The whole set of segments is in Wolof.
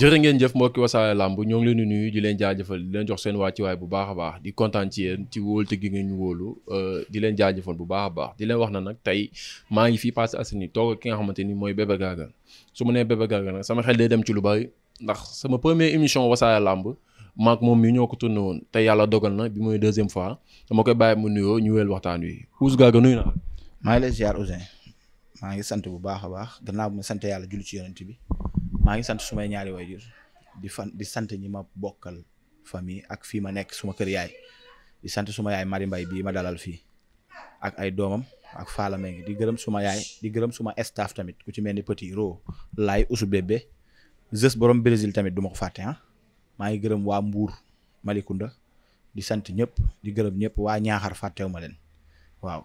jërë ngeen jëf mbokki wasaare làmb ñoo ngi leen di nuyu di leen jaajëfal di leen jox seen wàccuwaay bu baax a baax di kontaan ci yéen ci wóolu te gi ngeen ñu wóolu euh, di leen jaajëfal bu baax a baax di leen wax na nag tey maa ngi fi fii Parcelles Assainies toog ki nga xamante ni mooy Bébé Garga su ma nee Bébé Garga nag sama xel day dem ci lu bari ndax sama première émission wasaare làmb maak moom mii ñoo ko tourné woon te yàlla dogal na bi mooy deuxième fois dama koy bàyyi mu nuyoo ñu waxtaan wi Ouz Garga naa maa ngi lay ziar maa ngi sant bu baax a baax gannaaw bu sant yàlla julli ci yonent bi maa ngi sant sumay ñaari waajur di fan di sant ñi ma bokkal famille ak fii ma nekk suma kër yaay di sant suma yaay Mari Mbay bii ma dalal fii ak ay doomam ak faala mee ngi di gërëm suma yaay di gërëm suma staff tamit ku ci mel ni Petit Ro laay usu bébé jës borom Brésil tamit du ma ko fàtte ah maa ngi gërëm waa Mbuur Malikunda di sant ñëpp di gërëm ñëpp waa Ñaaxar fàttewu ma leen waaw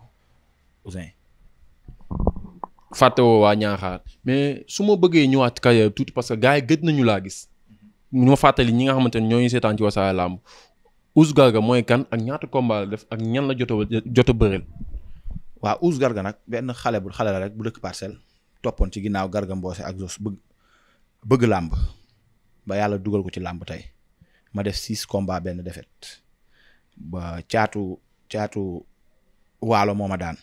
fàtte fàttewoo waa ñaaxaar mais su ma bëggee ñëwaat Kajoor tuuti parce que gars yi gën nañu laa gis ñu ma fàttali ñi nga xamante ne ñooñu seetaan ci Wassare Lamb Ouz Garga mooy kan ak ñaata combat la def ak ñan la jot jot a bëreel waaw Ouz Garga nag benn xale bu xale la rek bu dëkk parcelle toppoon ci ginnaaw Garga Mbossé ak Zoss bëgg bëgg làmb ba yàlla dugal ko ci làmb tey ma def six combat benn défaite ba caatu caatu waalo moo ma daan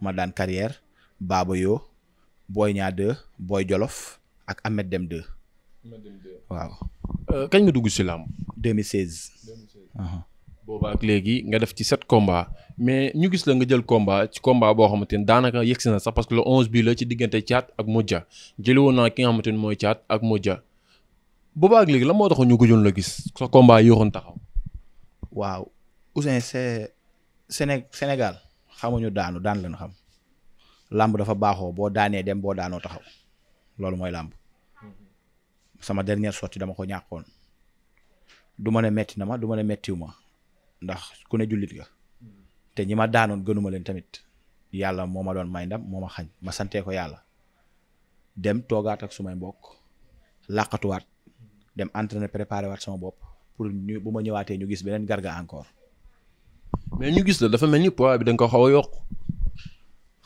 ma daan carrière Baba Yo booy Niang 2 Boy Jolof ak Ahmed Dem 2. Dem 2 waaw. Euh, kañ nga dugg ci làmb. 2016. 2016. Uh-huh. booba ak léegi nga def ci sept combats mais ñu gis la nga jël combat ci combat boo xamante ni daanaka yegsi na sax parce que le onze bii la ci diggante caat ak Modja jëli woon naa ki nga xamante mooy caat ak Modja booba ak léegi la moo tax ñu gëjoon la gis sa combat yéexoon taxaw. waaw Ouzin c'est Sénégal xamuñu daanu daan lañu xam. làmb dafa baaxoo boo daanee dem boo daanoo taxaw loolu mooy làmb sama dernière sortie dama ko ñàkkoon du ma ne metti na ma du ma ne mettiwu ma ndax ku ne jullit nga te ñi ma daanoon gënuma leen tamit yàlla moo ma doon may ndam moo ma xañ ma santee ko yàlla dem toogaat ak sumay mbokk làqatuwaat dem entraîner préparé waat sama bopp pour ñu bu ma ñëwaatee ñu gis beneen garga encore. mais ñu gis la dafa mel ni poids bi da ko xaw a yokk.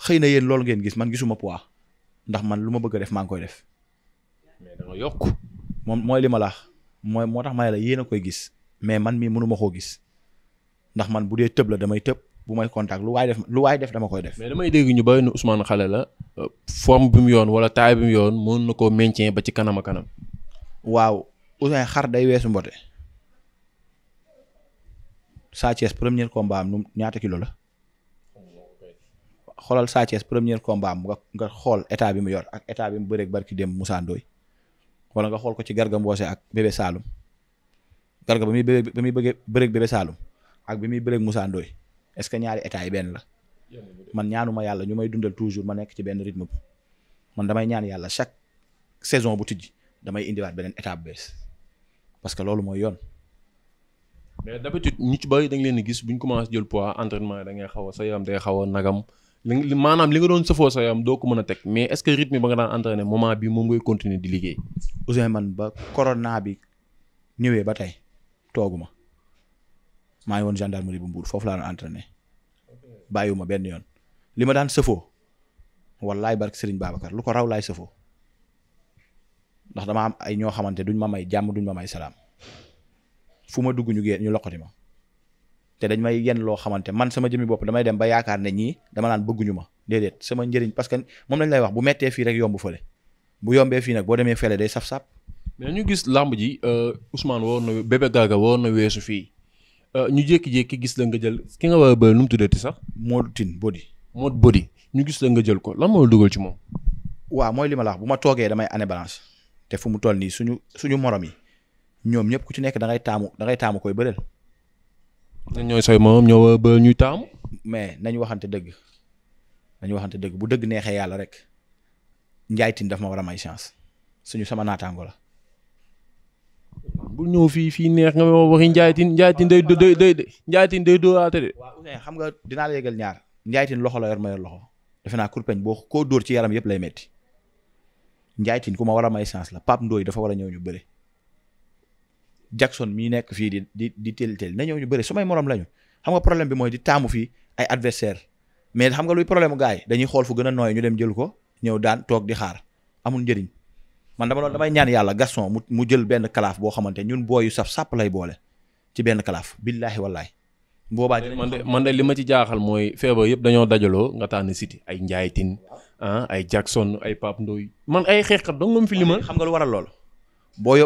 xëy na yéen loolu ngeen gis man gisuma poids ndax man lu ma bëgg def maa ngi koy def. mais da yokk. moom mooy li ma la mooy moo tax ma ne la yéen a koy gis mais man mii mënuma koo gis ndax man bu dee tëb la damay tëb bu may contact lu waay def lu waay def dama koy def. mais damay dégg ñu bëri ne Ousmane Xale la euh, forme bi mu yoon wala taay bi mu yoon mën na koo maintien ba ci kanam kanam. waaw Ousmane xar day weesu mbote. Sa Thiès premier combat am ñaata kilo la. xoolal Sa Thiès premier combat am nga xool état bi mu yor ak état bi mu bëreeg barki dem Moussa Ndoye wala nga xool ko ci Garga Mbossé ak Bébé Saloum Garga bi muy bébé ba muy bëggee bëreeg Bébé Saloum ak bi muy bëreeg Moussa Ndoye est-ce que ñaari état yi benn la man ñaanuma yàlla ñu may dundal toujours ma nekk ci benn rythme bu man damay ñaan yàlla chaque saison bu tijji damay indiwaat beneen état bu bees parce que loolu mooy yoon. mais leen gis bu ñu commencé jël poids entraînement ngay xaw sa yaram day xaw nagam. li maanaam li nga doon sëfoo sa yaram doo ko mën a teg mais est-ce que rythme ba nga daan entraîné moment bi moom ngay continuer di liggéey. Ousseyn man ba corona bi ñëwee ba tey tooguma maa ngi woon gendarmerie bu Mbour foofu laa doon entraîné bàyyiwuma benn yoon li ma daan sëfoo wallaay barke Serigne Babacar lu ko raw laay sëfoo ndax dama am ay ñoo xamante duñ ma may jàmm duñ ma may salaam fu ma dugg ñu génn ñu loqati ma. te dañ may yenn loo xamante man sama jëmmi bopp damay dem ba yaakaar ne ñii dama naan bëgguñu ma déedéet sama njëriñ parce que moom lañ lay wax bu mettee fii rek yomb fële bu yombee fii nag boo demee fële day saf sap mais ñu gis làmb ji euh, Ousmane woon na Bébé Garga woon na weesu fii euh, ñu jékki gis la nga jël ki nga war a bëri nu mu tuddati sax. Modou Tine Bodi. Modou Bodi ñu gis la nga jël ko lan moo dugal ci moom. waaw mooy li ma bu ma toogee damay année balance te fu mu toll nii suñu suñu morom yi ñoom ñëpp ku ci nekk dangay taamu dangay taamu koy bëreel ñun ñooy sooy moom ñoo ba ñuy taamu. mais nañu waxante dëgg nañu waxante dëgg bu dëgg neexee yàlla rek Ndiaye Tine daf ma war a may chance suñu sama naataango la. bu ñëw fii fii neex nga ma waxi Ndiaye Tine Ndiaye Tine day day de. xam nga dinaa la yëgal ñaar Ndiaye loxo la yor ma yor loxo defe naa kurpeñ boo koo dóor ci yaram yëpp lay metti Ndiaye ku ma war a may chance la Pape Ndoye dafa war a ñëw ñu bëre. Jackson mii nekk fii di di di teel teel na ñëw ñu bëri su may morom lañu xam nga problème bi mooy di taamu fii ay adversaire mais xam nga luy problème gaay yi dañuy xool fu gën a nooy ñu dem jël ko ñëw daan toog di xaar amul njëriñ man dama doon damay ñaan yàlla Gaston mu mu jël benn kalaaf boo xamante ñun booyu saf sàpp lay boole benn kalaaf billaahi wallaahi boobaa man de man de li ma ci jaaxal mooy feebar yëpp dañoo dajaloo nga tànn Siteu ay Ndiaye Tine ah ay Jackson ay Pape Ndoye man ay xeexkat dong nga fi limal xam nga lu waral lool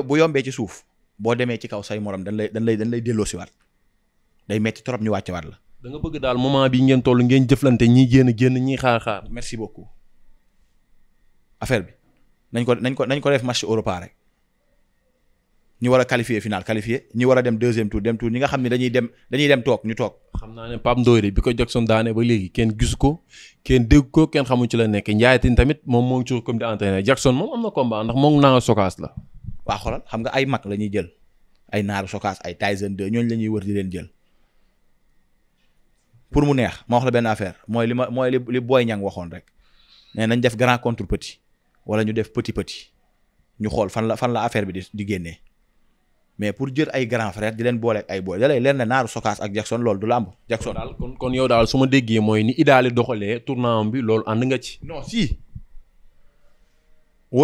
boo yombee ci suuf boo demee ci kaw say morom dañ lay dañ lay dañ lay delloosiwaat day metti trop ñu wàccewaat la. da nga bëgg daal moment bi ngeen toll ngeen jëflante ñi génn génn ñi xaar xaar. merci beaucoup affaire bi nañ ko nañ ko nañ ko def match Europa rek ñu war a qualifier final qualifier ñi war a dem deuxième tour dem tour ñi nga xam ne dañuy dem dañuy dem toog ñu toog. xam naa ne Pape Ndoye bi ko Jackson daane ba léegi kenn gisu ko kenn dégg ko kenn xamu ci la nekk Ndiaye Tine tamit moom moo ngi ci comme di entraîner Jackson moom am na combat ndax moom naa la. waa xoolal xam nga ay mag la ñuy jël ay naaru sokaas ay Tyson 2 ñooñ la ñuy wër di leen jël pour mu neex ma wax la benn affaire mooy li ma mooy li booy Boy Niang waxoon rek nee nañ def grand contre petit wala ñu def petit petit ñu xool fan la fan la affaire bi di di génnee mais pour jël ay grand frère di leen booleeg ay booy da lay leer ne naaru sokaas ak Jackson loolu du lamb Jackson daal kon kon yow daal su ma déggee mooy ni idaali doxalee tournant bi loolu ànd nga ci. non si.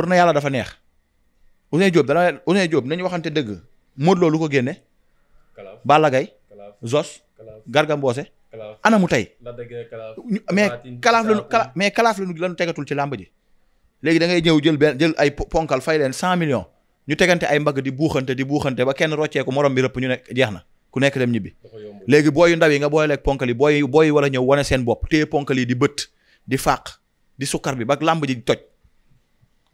na yàlla dafa neex. Ousseyn Diop dana Ousseyn Diop nañu waxante dëgg Modou loolu ko génne. Kalaaf Balla Gaye Zos. Garga Mbossé. ana mu tey. mais kalaaf lañu kala mais kalaaf lañu lañu tegatul ci làmb ji. léegi dangay ngay ñëw jël benn jël ay ponkal fay leen cent millions ñu tegante ay mbagg di buuxante di buuxante ba kenn rocceeku morom bi rëpp ñu ne jeex na ku nekk dem ñibbi. léegi booy ndaw yi nga booyaleeg ponkal yi booy booy yi war a ñëw wane seen bopp téye ponkal yi di bët di fàq di sukkar bi ba làmb ji di toj.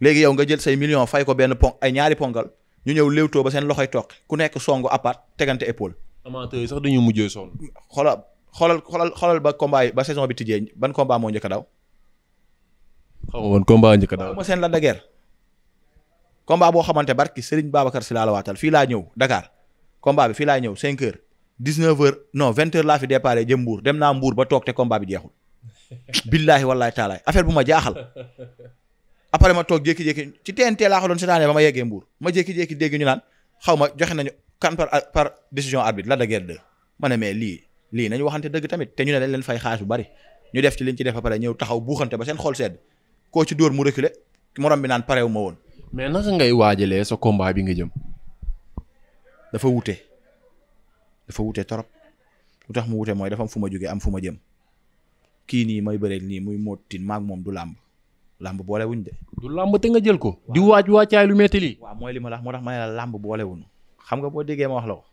léegi yow nga jël say million fay ko benn pon ay ñaari ponkal ñu ñëw léewtoo ba seen loxoy toog ku nekk songu apart tegante épaule. amateur yi sax dañu mujjee sonn. xoolal xoolal xoolal xoolal ba combat yi ba saison bi tijjee ban combat moo njëkk a daw. xaw ma woon combat njëkk a seen la de guerre. boo xamante barki sëriñ Babacar si laa la waatal fii laa ñëw Dakar combat bi fii laa ñëw 5 heures 19 no non 20 heures laa fi déparé jëm mbuur dem naa Mbour ba toog te combat bi jeexul. billaahi wallaahi affaire bu ma jaaxal. après ma toog jékki-jékki ci TNT laa ko doon seetaanee ba ma yeggee Mbour ma jékki-jékki dégg ñu naan xaw ma joxe nañu kan par par décision arbitre la de guerre 2 mais lii lii nañu waxante dëgg tamit te ñu ne dañ leen fay xaalis bu bari ñu def ci liñ ci def ba pare ñëw taxaw buuxante ba seen xool sedd koo ci dóor mu reculer morom bi naan parewu ma woon. mais naka ngay waajalee sa combat bi nga jëm. dafa wute dafa wute trop lu tax mu wute mooy dafa fu ma jógee am fu ma jëm kii nii may bëreeg nii muy mootin moom du làmb làmb boolewuñ de. du làmb te nga jël ko. di waaj waacaay lu metti lii. waaw mooy li ma la wax moo tax ma ne la làmb boolewuñ xam nga boo déggee ma wax la ko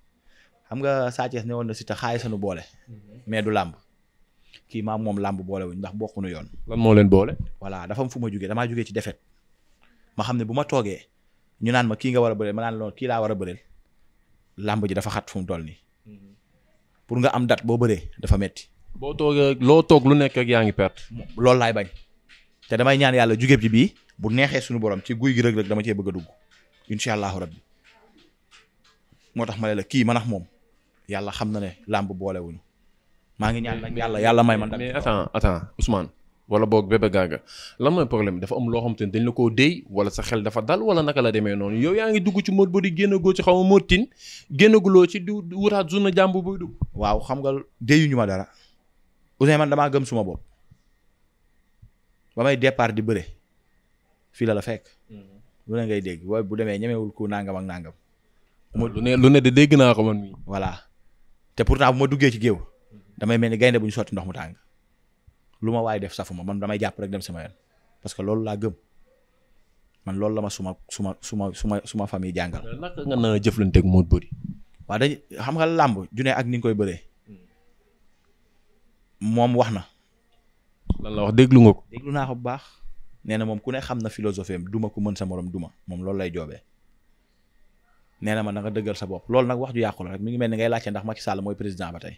xam nga Sa ne woon na si te xaay sanu boole. Mhm. mais du làmb kii maam moom làmb boolewuñ ndax bokkunu yoon. lan moo leen boole. voilà dafa am fu ma jugee damaa jugee ci defet ma xam ne bu ma toogee ñu naan ma kii nga war a bëreel ma naan lool kii laa war a bëreel làmb ji dafa xat fu mu toll nii mhm. pour nga am date boo bëree dafa metti boo toogee loo toog lu nekk ak yaa ngi perte. loolu laay bañ. te damay ñaan yàlla jugéeb ji bii bu neexee suñu borom ci guy gi rëg-rëg dama cee bëgg a dugg incha allahu rabbi moo tax ma ne la kii man ak moom yàlla xam na ne làmb boolewuñu maa ngi ñaan nag yàlla yàlla may man mais attends attends Ousmane wala boog Bébé Garga lan mooy problème dafa am loo xam ne dañ la koo déy wala sa xel dafa dal wala naka la demee noonu yow yaa ngi dugg ci mot ba di génnagoo ci xaw ma mootin génnaguloo ci di wutaat zuna jàmb buy dugg waaw xam nga déyuñu ma dara Ousmane man damaa gëm suma bopp ba may départ di bëre fii la la fekk. Mhm. lu ne ngay dégg booy bu demee ñemewul ko nangam ak nangam. Ah, lu ne lu de dégg naa ko man mii. voilà te pourtant bu ma duggee ci géew damay mel ni gaynde bu ñu sotti ndox mu tàng lu ma waaye def ma man damay jàpp rek dem sama yoon parce que loolu laa gëm man loolu la ma suma suma suma suma suma famille jàngal. naka nga na jëflante ak Modou Body. waaw dañ xam nga làmb ju ne ak ni nga koy bëree. Hmm. moom wax na. lan la wax déglu nga ko. lu naa ko bu baax nee na moom ku ne xam na philosophie duma ko mën sa morom duma moom loolu lay joobee nee na ma na nga dëggal sa bopp loolu nag wax ju yàqu la rek mi ngi mel ni ngay laajte ndax Macky Sall mooy président ba tey.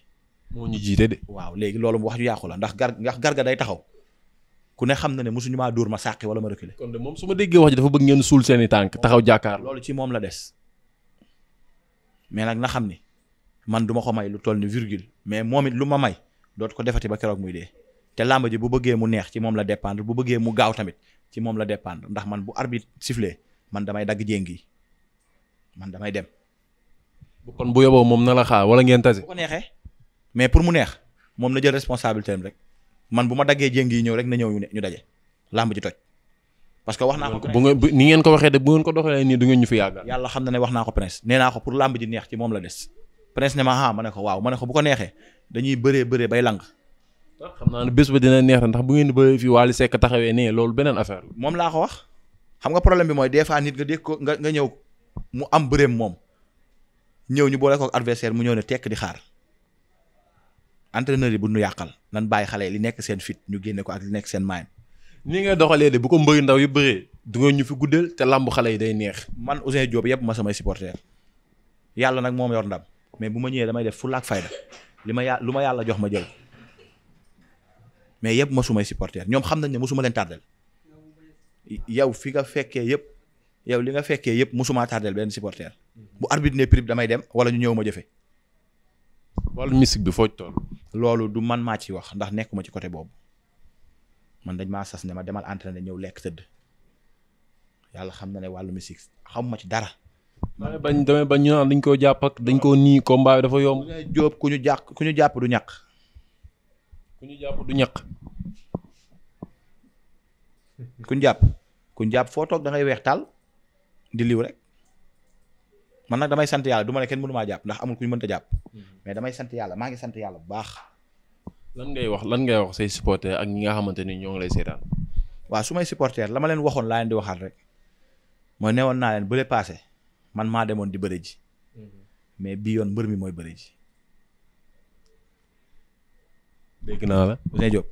moo ñu waaw léegi loolu wax ju yàqu la ndax gar ndax garga day taxaw ku ne xam na ne mosuñu maa dóor ma sàqi wala ma reculer. kon moom su ma déggee wax ji dafa bëgg ngeen suul seen i tànk taxaw jàkkaar. loolu ci moom la des mais nag na xam ni man duma ko may lu toll ni virgule mais moom it lu ma may dootu ko defati ba keroo muy dee te làmb ji bu bëggee mu neex ci moom la dépendre bu bëggee mu gaaw tamit ci moom la dépendre ndax man bu arbitre sifflé man damay dagg jéngi man damay dem. kon bu yoboo moom na la xaar wala ngeen tase. bu neexee mais pour mu neex moom na jël responsabilité am rek man bu ma daggee jéngi yi ñëw rek na ñëw ñu ñu daje làmb ji toj. parce que wax naa ko bu ngeen ni ngeen ko waxee de bu ngeen ko doxalee nii du ngeen ñu fi yàgg. yàlla xam na ne wax naa ko prince nee naa ko pour làmb ji moom la des prince ah, ma ne ko waaw ma ne ko bu ko neexee dañuy bëree bëree bay lang xam naa ne bés ba dina neex ndax bu ngeen di bëree fii Wally Seck taxawee nee loolu beneen affaire la. moom laa ko wax xam nga problème bi mooy des fois nit nga dégg ko nga nga ñëw mu am bëree moom ñëw ñu boole ko adversaire mu ñëw ne tekk di xaar entraîneur yi bu nu yàqal nan bàyyi xale li nekk seen fit ñu génne ko ak li nekk seen maañ. ni ngay doxalee de bu ko mbëri ndaw yu bëree du nga ñu fi guddeel te làmb xale yi day neex. man Ousin Diop yëpp ma samay supporter yàlla nag moom yor ndam mais bu ma ñëwee damay def fulla ak li ma yà lu ma yàlla jox ma jël mais yëpp ma sumay supporter ñoom xam nañ ne mosuma leen tardel yow fi nga fekkee yëpp yow li nga fekkee yëpp mosumaa tardel benn supporter bu arbitre ne prib damay dem wala ñu ñëw ma jëfe wàllu musique bi foo toll loolu du man maa ci wax ndax nekkuma ci côté boobu man dañ maa sas ne ma demal entraîné ñëw lekk tëdd yàlla xam na ne wàllu musique xamuma ci dara. bañ damay bañ ñu naan dañ koo jàpp ak dañ koo nii combat bi dafa yomb. jóob ku ñu jàq ku ñu jàpp du ñàkk. ku ñu jàpp du ñaq. kuñ jàpp ku jàpp foo toog da weex taal di liw rek man nag damay sant yàlla du ma ne kenn mënu jàpp ndax amul ku ñu mënta jàpp. Hmm. mais damay sant yàlla maa ngi sant yàlla bu baax. lan ngay wax lan ngay wax say supporter ak ñi nga xamante ni ñoo ngi lay seetaan. waaw su may supporter la ma leen waxoon laa leen di waxaat rek mooy newoon naa leen bële paase man maa demoon di bëre ji hmm. mais bii yoon mbër mi mooy bëre ji dégg naa la Ousseyn Diop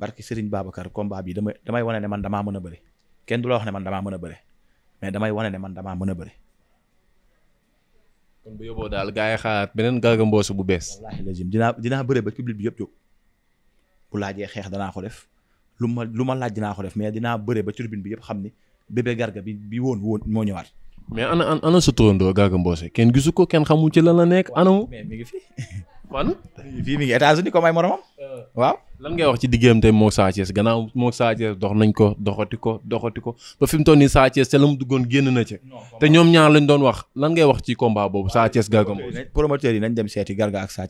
barki Serigne Babacar combat bi damay damay wane ne man damaa mën a bëri kenn du la wax ne man damaa mën a bëri mais damay wane ne man damaa mën a bëri. kon bu yóbboo daal gaa yi xaar beneen Garga mboosu bu bees. wallaahi dinaa dinaa bëre ba public yëpp jóg bu laajee xeex danaa ko def lu ma lu ma laaj dinaa ko def mais dinaa bëre ba tribune bi yëpp xam ni bébé Garga bi bi woon woon moo ñëwaat. mais ana ana sa turandoo Garga Mbossé kenn gisu ko kenn xamul ci lan la nekk ana mais mi ngi fi. man fii mi ngi États-Unis comme ay moromam. Euh, waaw lan ngay wax ci diggante moo Sa gannaaw moo Sa dox nañ ko doxati ko doxati ko ba fi mu toll nii Sa Thiès te la mu duggoon génn na ci. te ñoom ñaar lañ doon wax lan ngay wax ci combat boobu Sa Thiès Garga Mbossé. promoteurs yi nañ dem seeti Garga ak Sa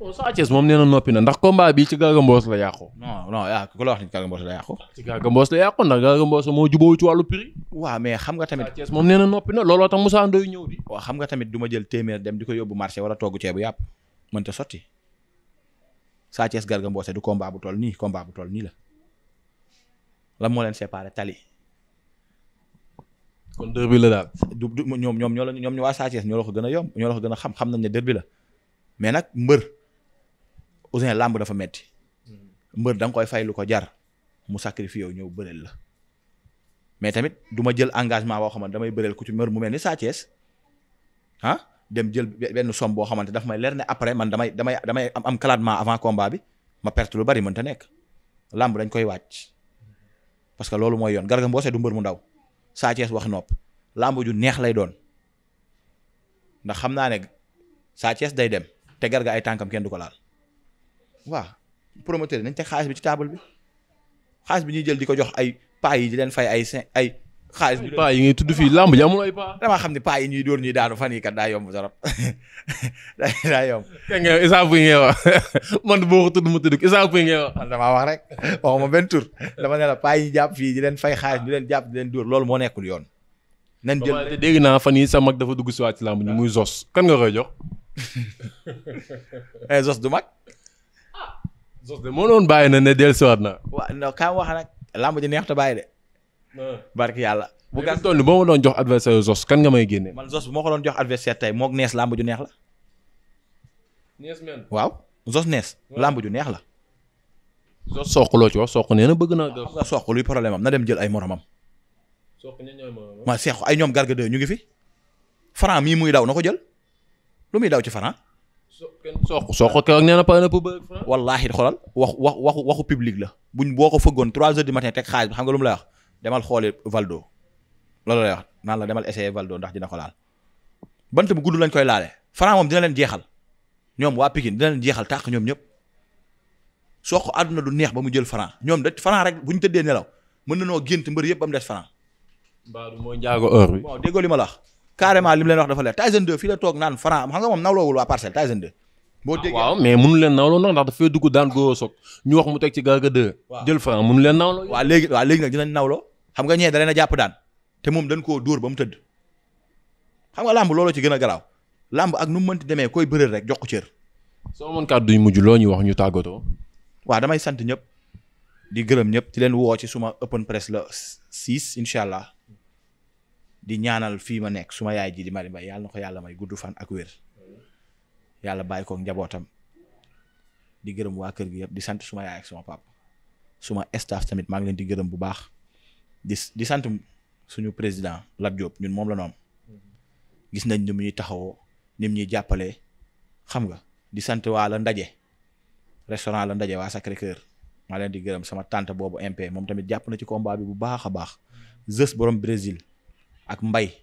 bon Sa Thiès moom nee noppi na ndax combat bi ci Garga Mbossé la yàqu. non non yaa ah, moo jubóo ci wàllu prix. waaw xam nga tamit moom nee na noppi na looloo tax Moussa Ndoye ñëw di. waaw xam nga du ma jël téeméer dem di ko yóbbu marché wala togg ceebu yàpp mënta sotti Sa Thiès du combat bu tool nii combat bu toll nii la la moo leen séparé tali. kon derby la daal. du du ñoom ñoom ñoo la ñoom waa Sa ñoo la ko gën a yomb ñoo la ko gën a xam xam nañ ne derby la mais nag mbër Ousin làmb dafa metti hmm. mbër da koy faylu ko jar mu sacrifié yow ñëw bëreel la mais tamit du ma jël engagement boo xamante damay bëreel ku ci mbër mu mel ni Sa Thiès ah, dem jël benn somme boo xamante dafa may leer ne après man damay damay damay am am classement avant combat bi ma perte lu bari mënta nekk làmb dañ koy wàcc parce que loolu mooy yoon Garga Mbossé du mbër mu ndaw Sa wax nopp làmb ju neex lay doon ndax xam naa ne Sa day dem te Garga ay tànkam kenn du ko laal. waaw promoteur nañ teg xaalis bi ci table bi xaalis bi ñuy jël di ko jox ay paa yi di leen fay ay cin ay. xaalis bi paa yi ngay tudd fii làmb ji amul ay paa. xam ne paa yi ñuy dóor ñuy daanu fan yii kat daa yomb trop daa yomb. dégg ngay wax boo tudd ma tudd Issa Pouye ngay wax. wax rek ma benn tur dama ne la paa yi jàpp fii di leen fay xaalis di leen jàpp leen dóor loolu moo nekkul yoon. nan jël dégg naa fan yii sa mag dafa dugg si waat ci làmb ji muy Zos kan nga koy jox. Eh, Zos du mag. Zoss de mënoon bàyyi na ne dellusiwaat na. waaw non ka wax nag làmb neex te bàyyi de. Ah. barki yàlla. bu gas toll nii boo ma doon jox adversaire Zoss kan nga may génne. man Zoss bu ma ko doon jox adversaire tey moog nees làmb ju neex la. nees waaw Zoss nees. làmb ju neex la. Zoss soq loo ci wax soq nee na bëgg naa. xam nga luy problème am na dem jël ay moromam. soq ña ma seex ay ñoom garga ñu ngi fi. Franc mii muy daw na ko jël lu muy daw ci Franc. Sokh keroog nee na pare na pour bëgg Franc. wallaahi xoolal wax wax waxu waxu public la buñ boo ko fëggoon trois heures du matin teg xaalis bi xam nga lu mu lay wax demal xooli Valdo loolu lay wax naan la demal essayer Valdo ndax dina ko bant bu gudd lañ koy laale Franc moom dina leen jeexal ñoom waa Pikine dina leen jeexal tàq ñoom ñëpp Sokh àdduna du neex ba mu jël Franc ñoom da Franc rek bu ñu tëddee nelaw mën na noo gént mbër yëpp ba mu des Franc. Mbadou mooy bi. waaw déggoo carrément li mu leen wax dafa leer Tyson 2 fii la toog naan Franc xam nga moom nawloowul waa parcelle Tyson 2. waaw mais mënu leen nawloo ndax dafa dugg daan góor soog ñu wax mu teg ci Garga 2. waaw jël Franc mënu leen nawloo. waaw léegi waaw léegi nag dinañ nawloo xam nga ñee da leen a jàpp daan te moom dañ koo dóor ba mu tëdd xam nga làmb looloo ci gën a garaaw làmb ak nu mu mënti demee koy bëreel rek jox ko cër. soo mën kàddu yu mujj loo ñuy wax ñu tàggatoo. waaw damay sant ñëpp di gërëm ñëpp di leen woo ci suma open press la 6 incha allah di ñaanal fii ma nekk suma yaay ji di Mari Mbay yàlla na ko yàlla may gudd fan ak wér yàlla bàyyi koog njabootam di gërëm waa kër gi yëpp di sant suma yaay ak suma papa suma staff tamit maa ngi leen di gërëm bu baax di di sant suñu président Lat Diop ñun moom la ñu gis nañ ni mu ñuy taxawoo ñuy jàppalee xam nga di sant waa la ndaje restaurant la ndaje waa Sacré Cœur maa leen di gërëm sama tante boobu MP moom tamit jàpp na ci combat bi bu baax a baax Zeus borom Brésil ak mbay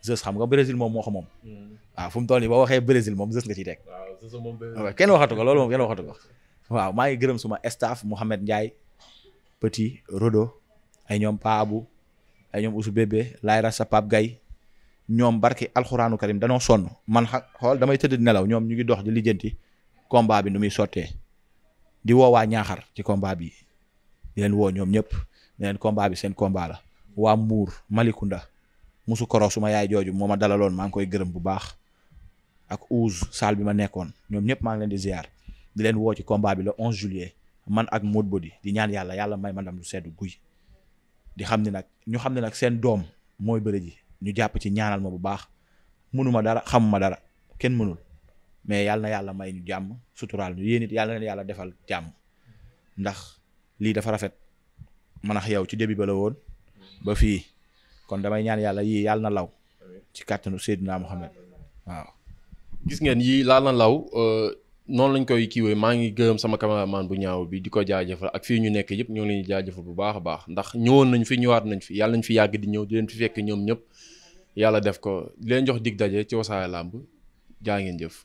Zeus xam nga Brésil moom moo ko moom. Hmm. waaw fu mu toll nii boo waxee Brésil moom Zeus nga ci teg. waaw ah, kenn waxatu ko loolu moom kenn waxatu ko. waaw maa ngi gërëm suma staff Mouhamed Ndiaye Petit Rodo ay ñoom Paabu ay ñoom Oussou Bébé Layra sa Pape gay ñoom barki alxuraanu karim danoo sonn man xa xool damay tëdd nelaw ñoom ñu ngi dox di lijjanti combat bi nu muy sottee di woo ñaaxar ci komba bi di leen woo ñoom ñëpp ne leen combat bi seen combat la waa Mbour Malicounda mosu koro suma yaay jooju moo ma dalaloon maa ngi koy gërëm bu baax ak Ouz salle bi ma nekkoon ñoom ñëpp maa ngi leen di ziar di leen woo ci combat bi le 11 juillet man ak Modou Body di ñaan yàlla yàlla may ma ndam lu sedd guy di xam ne nag ñu xam ne nag seen doom mooy bëre ñu jàpp ci ñaanal ma bu baax mënuma dara xamuma dara kenn mënul mais yàlla yàlla may ñu jàmm suturaal ñu yéen yàlla yàlla defal jàmm ndax lii dafa rafet manax ak yow ci début ba la woon kon damay ñaan yàlla yii yàlla na law ci kàttanu Seydina Mohamed waaw. gis ngeen yii laal na law euh, noonu lañ koy kiiwee maa ngi gërëm sama cameraman bu ñaaw bi di ko jaajëfal ak fii ñu nekk yëpp ñoo ngi leen di jaajëfal bu baax a baax ndax ñëwoon nañ fi ñëwaat nañ fi yàlla nañ fi yàgg di ñëw di leen fi fekk ñoom ñëpp yàlla def ko di leen jox dig daje ci Wassare Lamb jaa ngeen jëf.